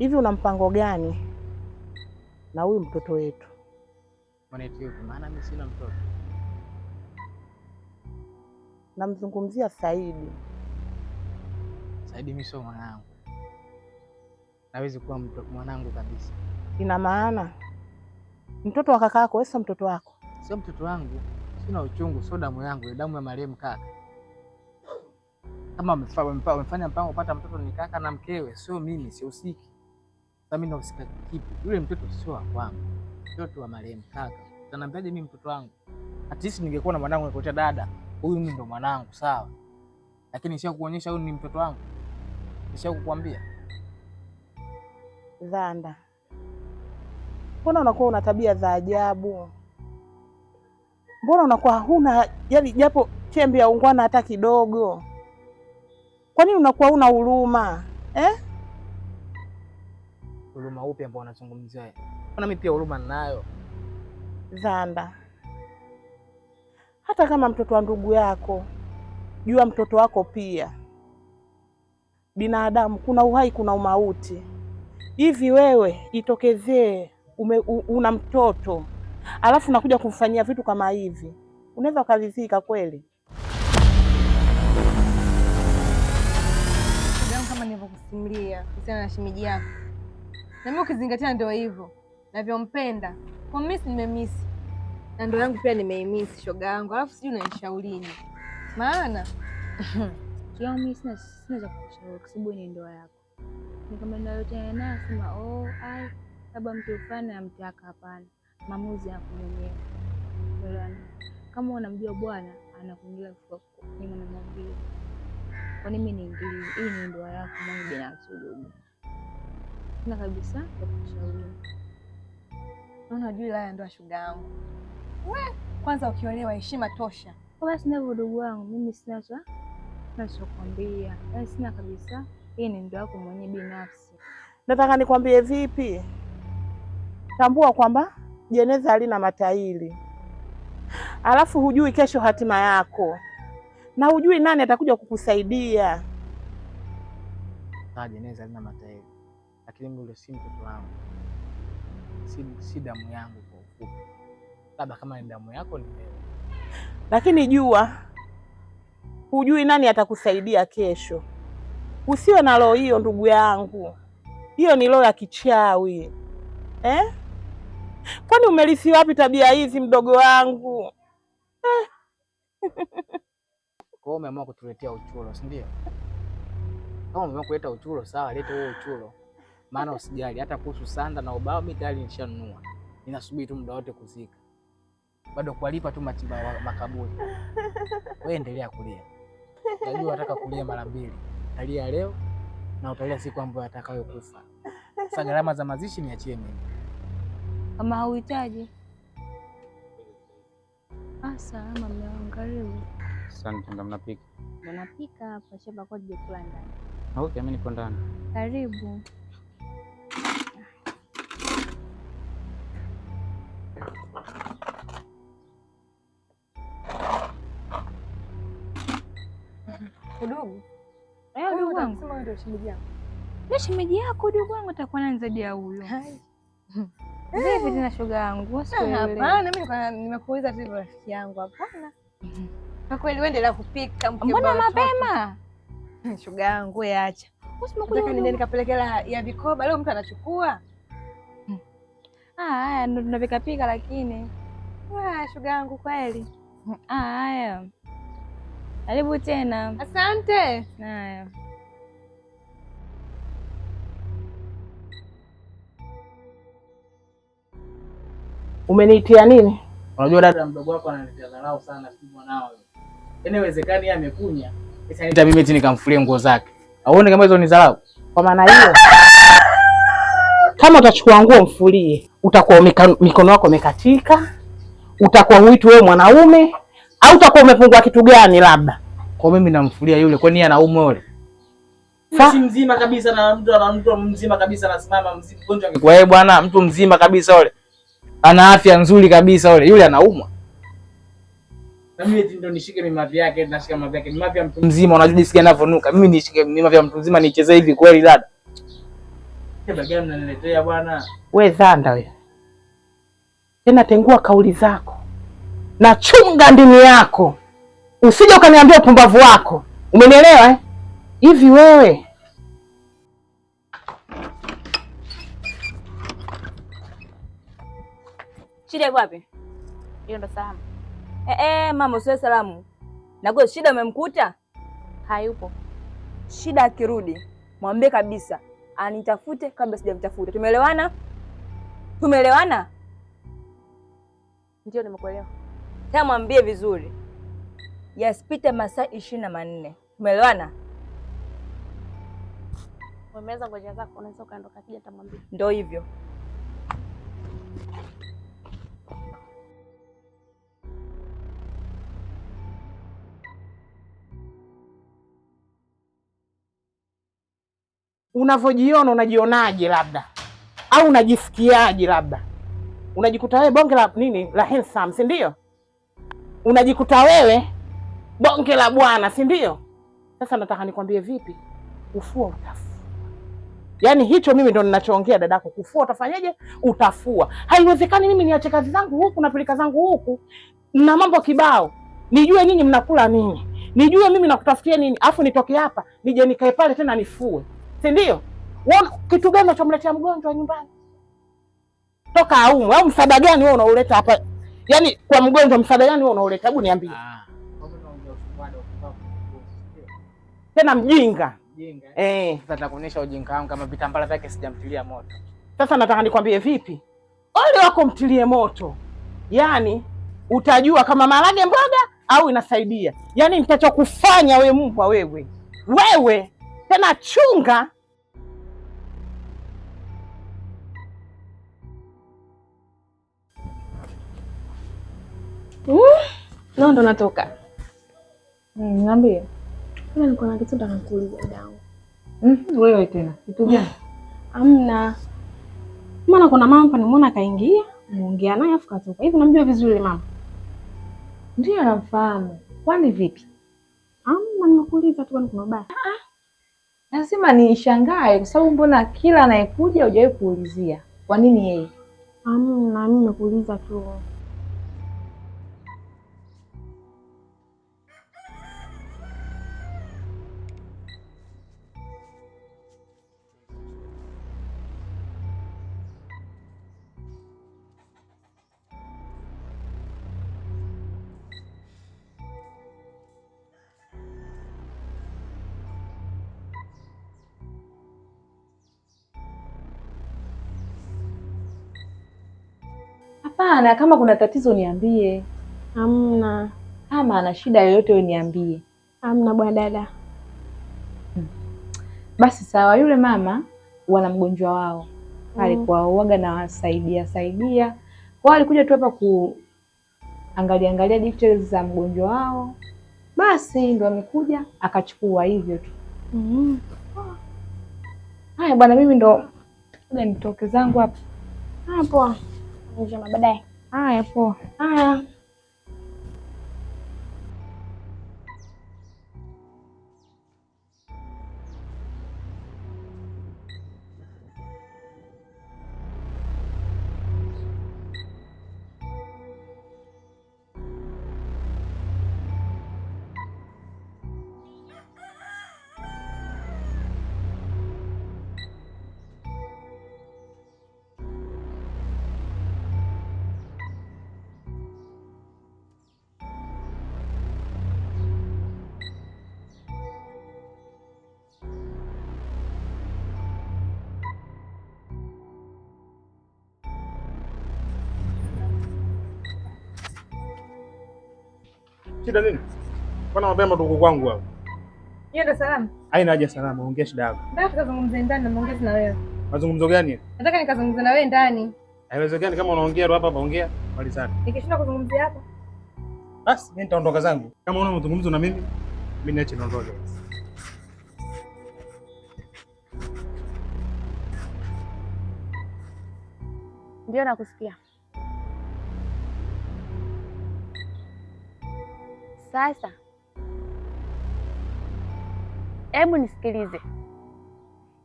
hivi una mpango gani na huyu mtoto wetu? Maana mimi sina mtoto. Namzungumzia Saidi. Saidi mimi sio mwanangu, nawezi kuwa mwanangu kabisa. Ina maana mtoto wa kaka yako sio mtoto wako? Sio mtoto wangu, sina uchungu, sio damu yangu, ni damu ya marehemu kaka. Kama wamefanya mpango kupata mtoto ni kaka na mkewe, sio mimi, sihusiki. Mimi nahusika kipi? Yule mtoto sio wa kwangu, mtoto wa marehemu kaka. Utaniambiaje mimi mtoto wangu? At least ningekuwa na mwanangu nikuita dada, huyu mimi ndo mwanangu, sawa, lakini sio kuonyesha huyu ni mtoto wangu. Nisha kukuambia Zanda, mbona unakuwa una tabia za ajabu? Mbona unakuwa huna yani japo chembe ya ungwana hata kidogo? Kwa nini unakuwa huna huruma eh? huruma upi ambao unazungumzia wewe? mimi pia huruma ninayo. Zanda, hata kama mtoto wa ndugu yako, jua mtoto wako pia binadamu. Kuna uhai, kuna umauti. Hivi wewe itokezee una mtoto alafu nakuja kumfanyia vitu kama hivi, unaweza ukaridhika kweli? Kama nilivyokusimulia kuhusiana na shimiji yako na mimi ukizingatia ndio hivyo navyompenda kwa mimi, nimemisi na ndoa yangu pia nimeimisi, shoga yangu. Alafu sijui unanishauri maana kila mimi na sisi cha kushauri kwa sababu ni ndoa yako. Nikamwambia yote yana asema oh, ai labda mtu fulani amtaka. Hapana, maamuzi yako mwenyewe. Kama unamjua Bwana anakuingilia kwa nini unamwambia? Kwa nini mimi niingilie? Hii ni ndoa yako, mimi binafsi na kabisa kushauri. naona juu laya ndoa shuga yangu we kwanza, ukiolewa heshima tosha. Basi na udugu wangu mimi sina cha nachokwambia, yaani sina kabisa. Hii ni ndoa yako mwenye binafsi. Nataka nikwambie vipi, tambua kwamba jeneza halina matairi, alafu hujui kesho hatima yako na hujui nani atakuja kukusaidia. Ah, jeneza halina matairi lakini yule si mtoto wangu, si, si damu yangu kwa ufupi. Labda kama ni damu yako ni wewe, lakini jua hujui nani atakusaidia kesho. Usiwe na roho hiyo, ndugu yangu, hiyo ni roho ya kichawi eh? Kwani umelisi wapi tabia hizi mdogo wangu eh? Kwa umeamua kutuletea uchulo, si ndio? Kama umeamua kuleta uchulo, sawa, leta huo uchulo maana usijali hata kuhusu sanda na ubao, mimi tayari nishanunua, ninasubiri tu muda wote kuzika, bado kuwalipa tu matibabu makaburi. Wewe endelea kulia, najua nataka kulia mara mbili, talia leo na utalia siku ambayo atakayokufa. Sasa gharama za mazishi niachie mimi. Kama hauhitaji ah, salama mmeangaliwa. Asante ndo mnapika? Mnapika hapa shamba kwa jikula ndani. Ah, okay, mimi niko ndani. Karibu. Udugu ndio shemeji yako na shemeji yako udugu wangu takuwa nani zaidi ya huyo? Vipi eh. tena shoga yangu, ah, nimekuuliza tu rafiki yangu. Hapana, kwa kweli endelea kupika. Mbona mapema hmm, shoga yangu, yaacha nikapelekea ya vikoba leo, mtu anachukua hmm. ah, haya, ndo tunapikapika. Lakini ah, shuga yangu kweli hmm. haya karibu tena. Asante. Haya. Umeniitia nini? Unajua dada, mdogo wako ananitia dharau sana, si mwanao. Yaani inawezekani yeye amekunya, sasa nita mimi eti nikamfulie nguo zake. Auone kama hizo ni dharau. Kwa maana hiyo, kama utachukua nguo mfulie, utakuwa mikono yako imekatika, utakuwa huitwi wewe mwanaume au utakuwa umepungua kitu gani? Labda kwa mimi namfulia yule, kwa nini anaumwa yule? Si mzima kabisa na mtu ana mtu mzima kabisa anasimama mzima mgonjwa. Kwa yeye bwana, mtu mzima kabisa yule ana afya nzuri kabisa yule, yule anaumwa. Na mimi ndio nishike mimavi yake, nashika mimavi yake. Mimavi ya mtu mzima unajua jinsi gani anavonuka. Mimi nishike mimavi ya mtu mzima nicheze hivi kweli dada? Keba gani mnaniletea bwana? Wewe zanda wewe. Tena tengua kauli zako na chunga ndimi yako, usije ukaniambia upumbavu wako. Umenielewa eh? Hivi wewe shida wapi? Hiyo ndo salamu eh? Eh, mama usiwe salamu nago. Shida umemkuta? Hayupo. Shida akirudi mwambie kabisa anitafute kabla sijamtafuta. Tumeelewana? Tumeelewana? Ndio, nimekuelewa. Nataka mwambie vizuri, yasipite masaa ishirini na manne. Umeelewana? Umeweza ngoja zako, unaweza ukaondoka, sija tamwambia. Ndio hivyo. Unavyojiona unajionaje? Labda au unajifikiaje? Labda unajikuta wewe bonge la nini la handsome, si ndio? unajikuta wewe bonge la bwana, si ndio? Sasa nataka nikwambie vipi, ufua utafua. Yaani hicho mimi ndo ninachoongea dadako, kufua utafanyaje? Utafua. Haiwezekani mimi niache kazi zangu huku na pilika zangu huku na mambo kibao, nijue nyinyi mnakula nini, nijue mimi nakutafutia nini, afu nitoke hapa nije nikae pale tena nifue, si ndio? Kitu gani unachomletea mgonjwa nyumbani? Toka aumwe au msada gani wewe unauleta hapa yani kwa mgonjwa msaada gani wewe unaoleta? Hebu niambie. Ah. Tena mjinga. Mjinga. Eh, eh. sasa nitakuonesha ujinga wangu kama vitambala vyake sijamtilia moto. Sasa nataka nikwambie vipi? Ole wako mtilie moto. Yaani utajua kama marage mboga au inasaidia. Yaani nitachokufanya we mbwa wewe. Wewe tena chunga Mm. Nao ndo natoka. Mm, niambie. Ila niko na kitu nataka kuuliza dadangu. Hmm, wewe tena. Kitu gani? Hamna. Maana kuna mama hapa nimeona kaingia, muongea naye afu katoka. Hivi unamjua vizuri mama? Ndio namfahamu. Kwani vipi? Hamna, nimekuuliza tu kwani kuna ubaya. Ah. ah. Lazima nishangae kwa sababu mbona kila anayekuja hujawahi kuulizia. Kwa nini yeye? amna mimi nimekuuliza tu. Hapana, kama kuna tatizo niambie. Hamna. Kama ana shida yoyote wewe niambie. Hamna bwana dada. Hmm. Basi sawa, yule mama wana mgonjwa wao pale mm, kwa uoga na wasaidia saidia kwao alikuja tu hapa ku angalia details za mgonjwa wao, basi ndo amekuja akachukua hivyo tu. Mm. Haya bwana, mimi ndo nitoke zangu hapa hapo njema. Baadaye. Haya, poa. Haya. Shida nini? Mbona mapema ndugu kwangu hapo? Yeye ndo salama. Haina haja salama, ongea shida yako. Nataka tukazungumze ndani na maongezi na wewe. Mazungumzo gani? Nataka nikazungumze na wewe ndani. Haiwezekani kama unaongea tu hapa hapa ongea, sana. Nikishinda kuzungumzia hapa. Basi mimi nitaondoka zangu. Kama una mazungumzo na mimi, mimi niache niondoke. Ndio nakusikia. Sasa hebu nisikilize,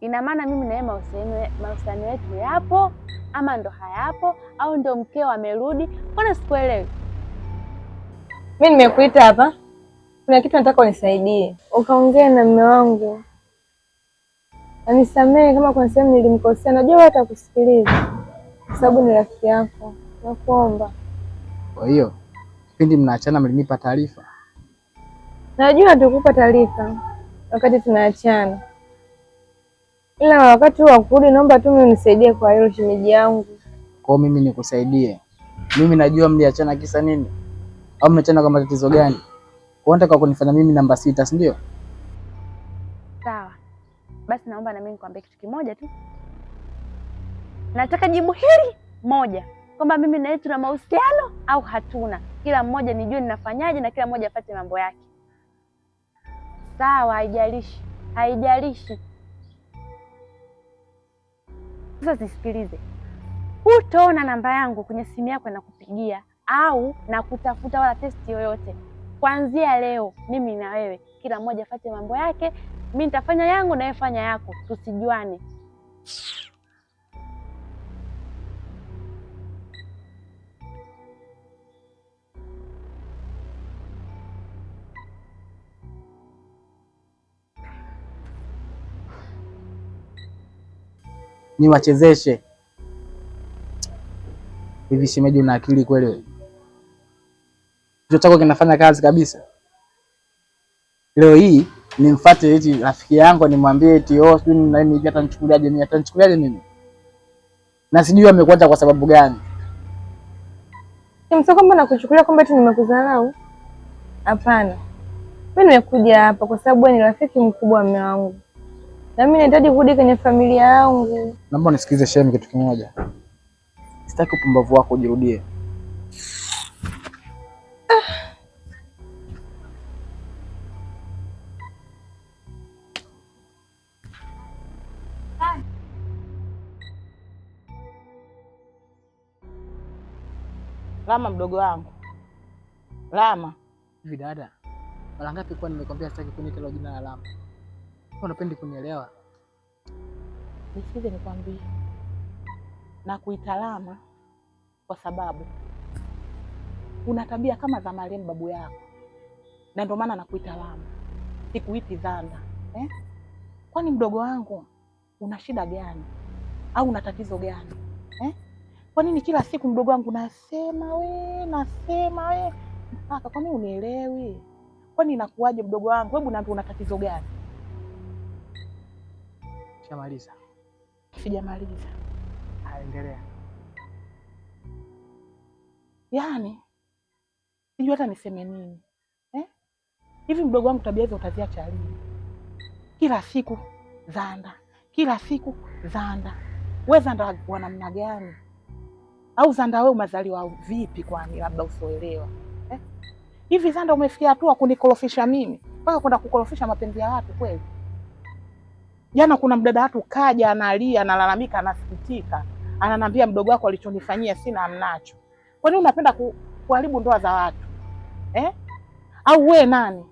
ina maana mimi na yeye mahusiano yetu yapo ama ndo hayapo, au ndo mkeo amerudi? Mbona sikuelewi? Mi nimekuita hapa, kuna kitu nataka unisaidie, ukaongee na mume wangu anisamehe kama kuna sehemu nilimkosea. Najua wewe atakusikiliza kwa sababu ni rafiki yako, nakuomba. Kwa hiyo kipindi mnaachana mlinipa taarifa Najua tukupa taarifa wakati tunaachana, ila wakati wa kurudi, naomba tu mimi unisaidie kwa hilo shimiji yangu. Kwa mimi nikusaidie? Mimi najua mliachana kisa nini au mliachana kwa matatizo gani? Kwa nataka kunifanya mimi namba sita, si ndio? Sawa basi, naomba na mimi nikwambie kitu kimoja tu, nataka jibu hili moja kwamba mimi na yeye tuna mahusiano au hatuna. Kila mmoja nijue ninafanyaje, na kila mmoja apate mambo yake sawa, haijalishi, haijalishi. Sasa zisikilize, hutaona namba yangu kwenye simu yako na kupigia au na kutafuta wala testi yoyote. Kuanzia leo mimi na wewe, kila mmoja afate mambo yake, mi nitafanya yangu na wewe fanya yako, tusijuane. niwachezeshe. Hivi shemeji, una akili kweli wewe? Kichwa chako kinafanya kazi kabisa? Leo hii nimfuate eti rafiki yangu nimwambie eti oh, sijui na nini, atanichukuliaje mimi? Atanichukuliaje mimi? Na sijui amekuacha kwa sababu gani? Kimsa kwamba nakuchukulia kwamba eti nimekudharau? Hapana, mimi nimekuja hapa kwa sababu ni rafiki mkubwa wa mume wangu na mimi nahitaji kurudi kwenye familia yangu. Naomba nisikilize shem, kitu kimoja, sitaki upumbavu wako ujirudie. Lama mdogo wangu, Lama. Hivi dada, mara ngapi kwa nimekwambia sitaki kunita jina la Lama? Unapendi kunielewa? Nisikize nikwambie, na kuitalama kwa sababu una tabia kama za marehemu babu yako, na ndio maana nakuitalama, sikuiti dhana eh? Kwani mdogo wangu una shida gani au una tatizo gani eh? Kwa nini kila siku mdogo wangu nasema we nasema we mpaka, kwani unielewi? Kwani inakuwaje mdogo wangu? Hebu niambie, una tatizo gani? Shamaliza? Sijamaliza. Aendelea. Yaani sijui hata niseme nini eh? Hivi mdogo wangu tabia hizo utaziacha lini? Kila siku zanda, kila siku zanda. We zanda wa namna gani? Au zanda we umezaliwa vipi? Kwani labda usoelewa eh? Hivi zanda umefikia hatua kunikorofisha mimi mpaka kwenda kukorofisha mapenzi ya watu kweli? Jana kuna mdada watu kaja analia, analalamika, anasikitika, ananambia mdogo wako alichonifanyia sina Kwa Kwani unapenda ku, kuharibu ndoa za watu eh? Au wewe nani?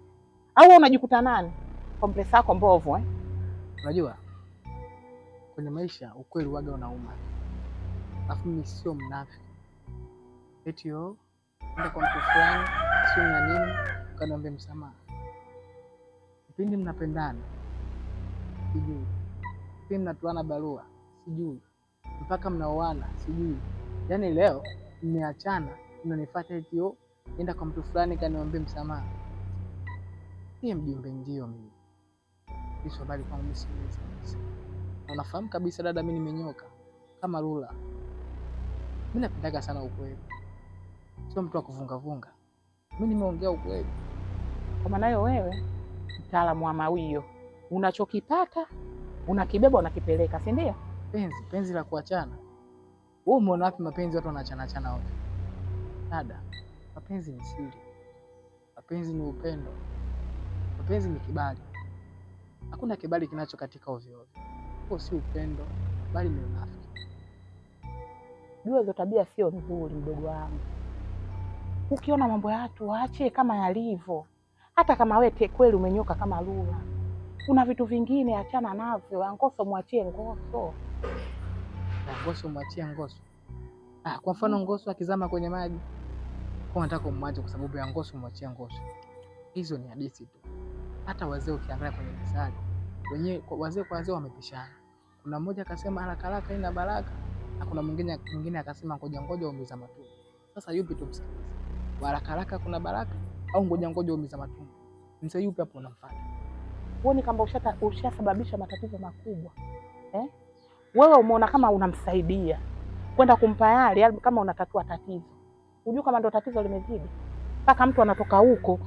Au we unajikuta nani kwa mpresa yako mbovu eh? Unajua kwenye maisha ukweli waga unauma, alafu mimi sio mnafi eti yo enda kwa mtu fulani sio na nini msamaha, kipindi mnapendana sijui, si mnatuana barua sijui, mpaka mnaoana sijui. Yaani leo mmeachana, mnanifuata eti enda kwa mtu fulani kaniombe msamaha. Iye mjumbe ndio mimi, hizo habari kwangu kabisa. Unafahamu kabisa dada, mimi nimenyoka kama rula. Mimi napendaga sana ukweli, sio mtu wa kuvungavunga. Mimi nimeongea ukweli. Kwa maana hiyo wewe mtaalamu wa mawio unachokipata unakibeba unakipeleka, si ndio? Penzi penzi la kuachana. Wewe umeona wapi mapenzi watu wanaachana achana wote? Dada, mapenzi ni siri, mapenzi ni upendo, mapenzi ni kibali. Hakuna kibali katika ovyo ovyo. Huo si upendo, bali ni unafiki. Jua hizo tabia sio nzuri, mdogo wangu. Ukiona mambo ya watu waache kama yalivyo, hata kama wewe kweli umenyoka kama lula kuna vitu vingine achana navyo. Angoso mwachie Ngoso, Angoso mwachie Ngoso. Ah, kwa mfano mm. Ngoso akizama kwenye maji kwa nataka kumwacha kwa sababu ya Ngoso, mwachie Ngoso. Hizo ni hadithi tu. Hata wazee ukiangalia kwenye methali wenyewe, wazee kwa wazee wamepishana. Kuna mmoja akasema haraka haraka ina baraka na kuna mwingine mwingine akasema ngoja ngoja umiza matumbo. Sasa yupi tumsikilize? Haraka haraka kuna baraka au ngoja ngoja umiza matumbo? Mzee yupi hapo unamfuata? huoni kwamba ushasababisha matatizo makubwa eh? Wewe umeona kama unamsaidia kwenda kumpa yale, kama unatatua tatizo, hujuu kama ndo tatizo limezidi mpaka mtu anatoka huko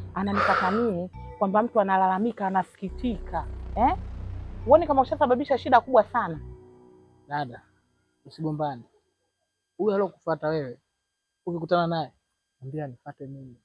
mimi, kwamba mtu analalamika anasikitika, eh? kama ushasababisha shida kubwa sana. Dada, usigombane. Huyu aliokufuata wewe, ukikutana naye ambia nifuate mimi.